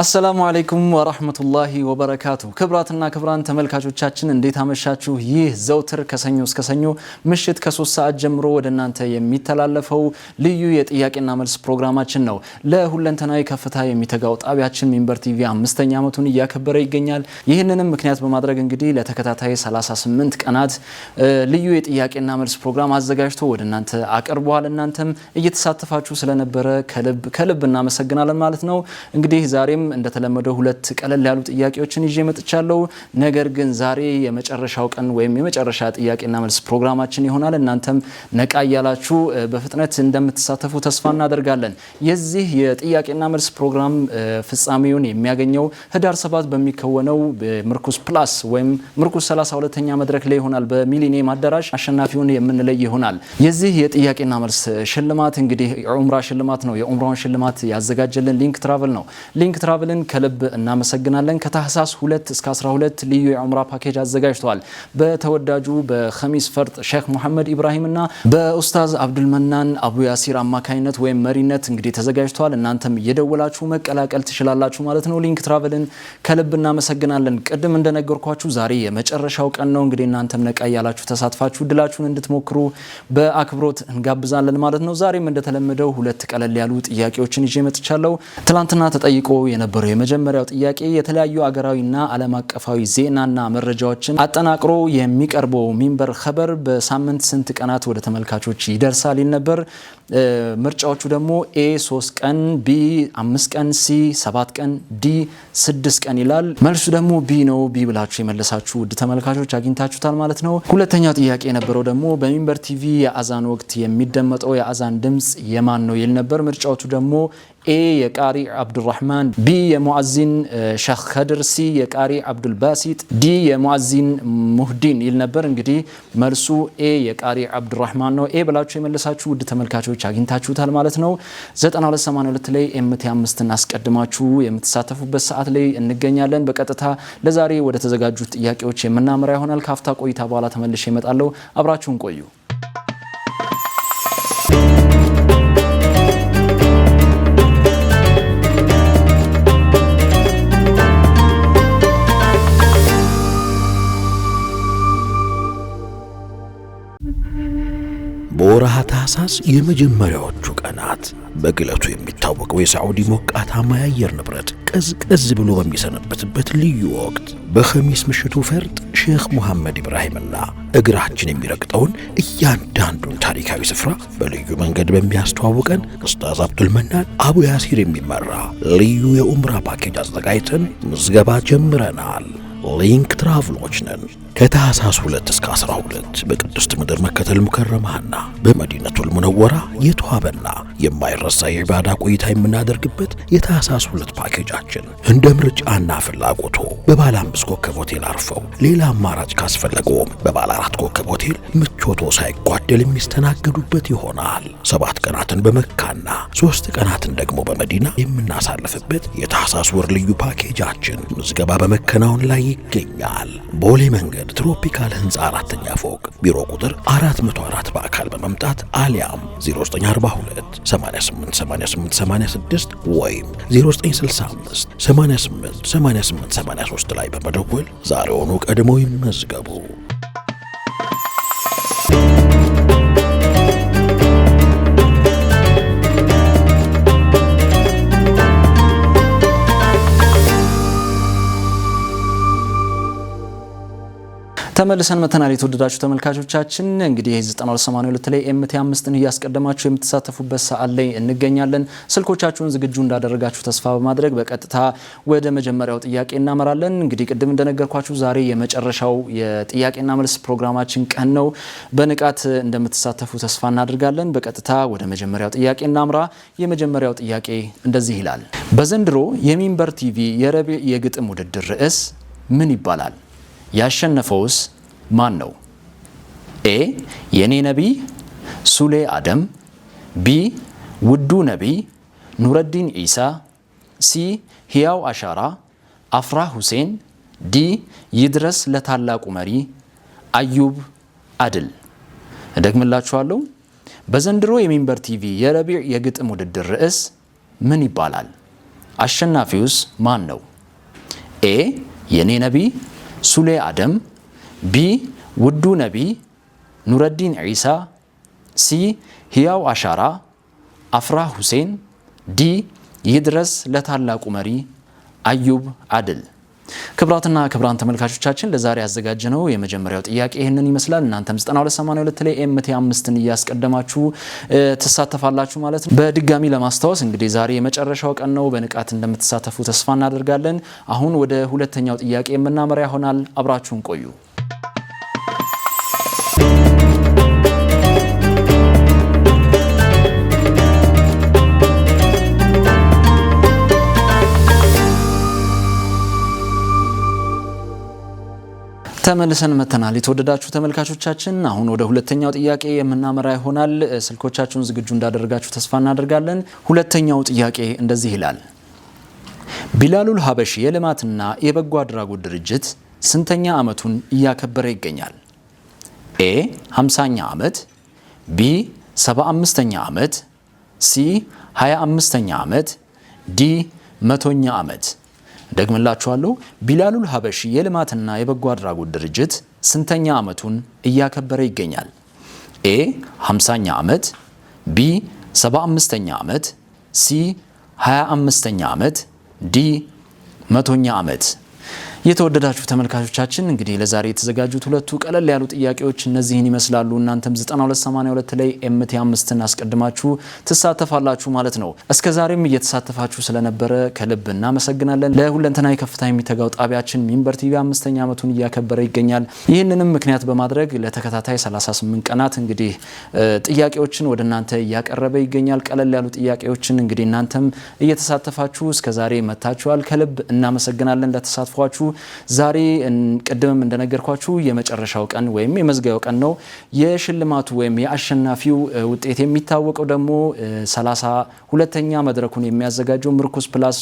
አሰላሙ አለይኩም ወራህመቱላሂ ወበረካቱ። ክብራትና ክብራን ተመልካቾቻችን እንዴት አመሻችሁ? ይህ ዘውትር ከሰኞ እስከ ሰኞ ምሽት ከሶስት ሰዓት ጀምሮ ወደ እናንተ የሚተላለፈው ልዩ የጥያቄና መልስ ፕሮግራማችን ነው። ለሁለንተናዊ ከፍታ የሚተጋው ጣቢያችን ሚንበር ቲቪ አምስተኛ ዓመቱን እያከበረ ይገኛል። ይህንንም ምክንያት በማድረግ እንግዲህ ለተከታታይ 38 ቀናት ልዩ የጥያቄና መልስ ፕሮግራም አዘጋጅቶ ወደ እናንተ አቅርበዋል። እናንተም እየተሳተፋችሁ ስለነበረ ከልብ ከልብ እናመሰግናለን ማለት ነው። እንግዲህ ዛሬም እንደተለመደው ሁለት ቀለል ያሉ ጥያቄዎችን ይዤ መጥቻለሁ። ነገር ግን ዛሬ የመጨረሻው ቀን ወይም የመጨረሻ ጥያቄና መልስ ፕሮግራማችን ይሆናል። እናንተም ነቃ እያላችሁ በፍጥነት እንደምትሳተፉ ተስፋ እናደርጋለን። የዚህ የጥያቄና መልስ ፕሮግራም ፍጻሜውን የሚያገኘው ህዳር ሰባት በሚከወነው ምርኩስ ፕላስ ወይም ምርኩስ 32ኛ መድረክ ላይ ይሆናል። በሚሊኒየም አዳራሽ አሸናፊውን የምንለይ ይሆናል። የዚህ የጥያቄና መልስ ሽልማት እንግዲህ የዑምራ ሽልማት ነው። የዑምራውን ሽልማት ያዘጋጀልን ሊንክ ትራቨል ነው። ሊንክ ብለን ከልብ እናመሰግናለን። ከታህሳስ 2 እስከ 12 ልዩ የዑምራ ፓኬጅ አዘጋጅተዋል። በተወዳጁ በኸሚስ ፈርጥ ሼክ ሙሐመድ ኢብራሂምና በኡስታዝ አብዱልመናን አቡ ያሲር አማካኝነት ወይም መሪነት እንግዲህ ተዘጋጅተዋል። እናንተም እየደወላችሁ መቀላቀል ትችላላችሁ ማለት ነው። ሊንክ ትራቨልን ከልብ እናመሰግናለን። ቅድም እንደነገርኳችሁ ዛሬ የመጨረሻው ቀን ነው። እንግዲህ እናንተም ነቃ እያላችሁ ተሳትፋችሁ ድላችሁን እንድትሞክሩ በአክብሮት እንጋብዛለን ማለት ነው። ዛሬም እንደተለመደው ሁለት ቀለል ያሉ ጥያቄዎችን ይዤ መጥቻለሁ። ትላንትና ተጠይቆ የነበ ነበረው የመጀመሪያው ጥያቄ የተለያዩ አገራዊና ዓለም አቀፋዊ ዜናና መረጃዎችን አጠናቅሮ የሚቀርበው ሚንበር ኸበር በሳምንት ስንት ቀናት ወደ ተመልካቾች ይደርሳል ይል ነበር። ምርጫዎቹ ደግሞ ኤ 3 ቀን፣ ቢ 5 ቀን፣ ሲ 7 ቀን፣ ዲ 6 ቀን ይላል። መልሱ ደግሞ ቢ ነው። ቢ ብላችሁ የመለሳችሁ ውድ ተመልካቾች አግኝታችሁታል ማለት ነው። ሁለተኛው ጥያቄ የነበረው ደግሞ በሚንበር ቲቪ የአዛን ወቅት የሚደመጠው የአዛን ድምፅ የማን ነው ይል ነበር። ምርጫዎቹ ደግሞ ኤ የቃሪ አብዱራህማን፣ ቢ የሙአዚን ሸክ ከድር፣ ሲ የቃሪ አብዱልባሲጥ፣ ዲ የሙአዚን ሙህዲን ይል ነበር። እንግዲህ መልሱ ኤ የቃሪ አብዱራህማን ነው። ኤ ብላችሁ የመለሳችሁ ውድ ተመልካቾች አግኝታችሁታል ማለት ነው። 9282 ላይ ኤምቲ አምስትን አስቀድማችሁ የምትሳተፉበት ሰዓት ላይ እንገኛለን። በቀጥታ ለዛሬ ወደ ተዘጋጁት ጥያቄዎች የምናመራ ይሆናል። ካፍታ ቆይታ በኋላ ተመልሼ እመጣለሁ። አብራችሁን ቆዩ። ነሐስ የመጀመሪያዎቹ ቀናት በግለቱ የሚታወቀው የሳዑዲ ሞቃታማ የአየር ንብረት ቀዝቀዝ ብሎ በሚሰነበትበት ልዩ ወቅት በኸሚስ ምሽቱ ፈርጥ ሼኽ ሙሐመድ ኢብራሂምና እግራችን የሚረግጠውን እያንዳንዱን ታሪካዊ ስፍራ በልዩ መንገድ በሚያስተዋውቀን ኡስታዝ አብዱልመናን አቡ ያሲር የሚመራ ልዩ የኡምራ ፓኬጅ አዘጋጅተን ምዝገባ ጀምረናል። ሊንክ ትራቭሎች ነን። ከታህሳስ 2 እስከ 12 በቅድስት ምድር መከተል ሙከረማና በመዲነቱ ሙነወራ የተዋበና የማይረሳ የኢባዳ ቆይታ የምናደርግበት የታህሳስ ሁለት ፓኬጃችን እንደ ምርጫና ፍላጎቶ በባለ አምስት ኮከብ ሆቴል አርፈው ሌላ አማራጭ ካስፈለገውም በባለ አራት ኮከብ ሆቴል ምቾቶ ሳይጓደል የሚስተናገዱበት ይሆናል። ሰባት ቀናትን በመካና ሶስት ቀናትን ደግሞ በመዲና የምናሳልፍበት የታህሳስ ወር ልዩ ፓኬጃችን ምዝገባ በመከናወን ላይ ይገኛል። ቦሌ መንገድ መንገድ ትሮፒካል ህንፃ አራተኛ ፎቅ ቢሮ ቁጥር 404 በአካል በመምጣት አሊያም 0942 888886 ወይም 0965 888883 ላይ በመደወል ዛሬውኑ ቀድሞ ይመዝገቡ። ተመልሰን መተናል። የተወደዳችሁ ተመልካቾቻችን እንግዲህ የ9282 ላይ ኤምቲ አምስትን እያስቀደማችሁ የምትሳተፉበት ሰዓት ላይ እንገኛለን። ስልኮቻችሁን ዝግጁ እንዳደረጋችሁ ተስፋ በማድረግ በቀጥታ ወደ መጀመሪያው ጥያቄ እናመራለን። እንግዲህ ቅድም እንደነገርኳችሁ ዛሬ የመጨረሻው የጥያቄና መልስ ፕሮግራማችን ቀን ነው። በንቃት እንደምትሳተፉ ተስፋ እናደርጋለን። በቀጥታ ወደ መጀመሪያው ጥያቄ እናምራ። የመጀመሪያው ጥያቄ እንደዚህ ይላል። በዘንድሮ የሚንበር ቲቪ የረቡዕ የግጥም ውድድር ርዕስ ምን ይባላል? ያሸነፈውስ ማን ነው? ኤ የኔ ነቢይ ሱሌ አደም፣ ቢ ውዱ ነቢይ ኑረዲን ኢሳ፣ ሲ ሕያው አሻራ አፍራ ሁሴን፣ ዲ ይድረስ ለታላቁ መሪ አዩብ አድል። እደግምላችኋለሁ። በዘንድሮ የሚንበር ቲቪ የረቢዕ የግጥም ውድድር ርዕስ ምን ይባላል? አሸናፊውስ ማን ነው? ኤ የኔ ነቢይ ሱሌ አደም፣ ቢ ውዱ ነቢ ኑረዲን ዒሳ፣ ሲ ህያው አሻራ፣ አፍራ ሁሴን፣ ዲ ይድረስ ለታላቁ መሪ አዩብ አድል ክብራትና ክብራን ተመልካቾቻችን ለዛሬ ነው የመጀመሪያው ጥያቄ ይህንን ይመስላል። እናንተም 9282 ላይ ኤምቲ አምስትን እያስቀደማችሁ ትሳተፋላችሁ ማለት ነው። በድጋሚ ለማስታወስ እንግዲህ ዛሬ የመጨረሻው ቀን ነው። በንቃት እንደምትሳተፉ ተስፋ እናደርጋለን። አሁን ወደ ሁለተኛው ጥያቄ የምናመራ ይሆናል። አብራችሁን ቆዩ። ተመልሰን መተናል። የተወደዳችሁ ተመልካቾቻችን አሁን ወደ ሁለተኛው ጥያቄ የምናመራ ይሆናል። ስልኮቻችሁን ዝግጁ እንዳደረጋችሁ ተስፋ እናደርጋለን። ሁለተኛው ጥያቄ እንደዚህ ይላል። ቢላሉል ሀበሺ የልማትና የበጎ አድራጎት ድርጅት ስንተኛ ዓመቱን እያከበረ ይገኛል? ኤ 50ኛ ዓመት፣ ቢ 75ኛ ዓመት፣ ሲ 25ኛ ዓመት፣ ዲ መቶኛ ዓመት ደግምላችኋለሁ። ቢላሉል ሀበሺ የልማትና የበጎ አድራጎት ድርጅት ስንተኛ ዓመቱን እያከበረ ይገኛል? ኤ 50ኛ ዓመት፣ ቢ 75ኛ ዓመት፣ ሲ 25ኛ ዓመት፣ ዲ መቶኛ ዓመት የተወደዳችሁ ተመልካቾቻችን እንግዲህ ለዛሬ የተዘጋጁት ሁለቱ ቀለል ያሉ ጥያቄዎች እነዚህን ይመስላሉ። እናንተም 9282 ላይ ኤምቲ አምስትን አስቀድማችሁ ትሳተፋላችሁ ማለት ነው። እስከ ዛሬም እየተሳተፋችሁ ስለነበረ ከልብ እናመሰግናለን። ለሁለንተና ከፍታ የሚተጋው ጣቢያችን ሚንበር ቲቪ አምስተኛ ዓመቱን እያከበረ ይገኛል። ይህንንም ምክንያት በማድረግ ለተከታታይ 38 ቀናት እንግዲህ ጥያቄዎችን ወደ እናንተ እያቀረበ ይገኛል። ቀለል ያሉ ጥያቄዎችን እንግዲህ እናንተም እየተሳተፋችሁ እስከዛሬ መታችኋል። ከልብ እናመሰግናለን ለተሳትፏችሁ ዛሬ ቅድምም እንደነገርኳችሁ የመጨረሻው ቀን ወይም የመዝጊያው ቀን ነው። የሽልማቱ ወይም የአሸናፊው ውጤት የሚታወቀው ደግሞ ሰላሳ ሁለተኛ መድረኩን የሚያዘጋጀው ምርኩስ ፕላስ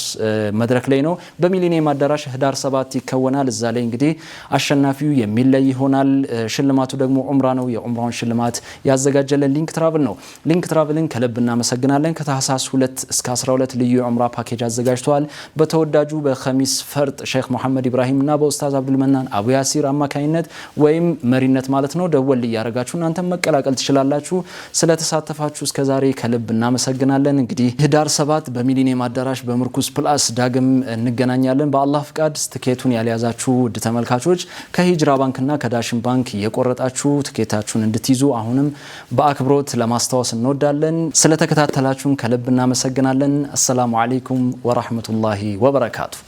መድረክ ላይ ነው። በሚሊኒየም አዳራሽ ህዳር ሰባት ይከወናል። እዛ ላይ እንግዲህ አሸናፊው የሚለይ ይሆናል። ሽልማቱ ደግሞ ዑምራ ነው። የዑምራውን ሽልማት ያዘጋጀለን ሊንክ ትራቭል ነው። ሊንክ ትራቭልን ከልብ እናመሰግናለን። ከታህሳስ 2 እስከ 12 ልዩ የዑምራ ፓኬጅ አዘጋጅተዋል። በተወዳጁ በከሚስ ፈርጥ ሼክ መሐመድ ኢብራሂም በኢብራሂምና በኡስታዝ አብዱልመናን አቡ ያሲር አማካኝነት ወይም መሪነት ማለት ነው ደወል እያደረጋችሁ እናንተም መቀላቀል ትችላላችሁ። ስለተሳተፋችሁ እስከዛሬ ከልብ እናመሰግናለን። እንግዲህ ህዳር ሰባት በሚሊኒየም አዳራሽ በምርኩዝ ፕላስ ዳግም እንገናኛለን በአላህ ፍቃድ። ትኬቱን ያልያዛችሁ ውድ ተመልካቾች ከሂጅራ ባንክና ከዳሽን ባንክ እየቆረጣችሁ ትኬታችሁን እንድትይዙ አሁንም በአክብሮት ለማስታወስ እንወዳለን። ስለተከታተላችሁን ከልብ እናመሰግናለን። አሰላሙ አሌይኩም ወራህመቱላሂ ወበረካቱ።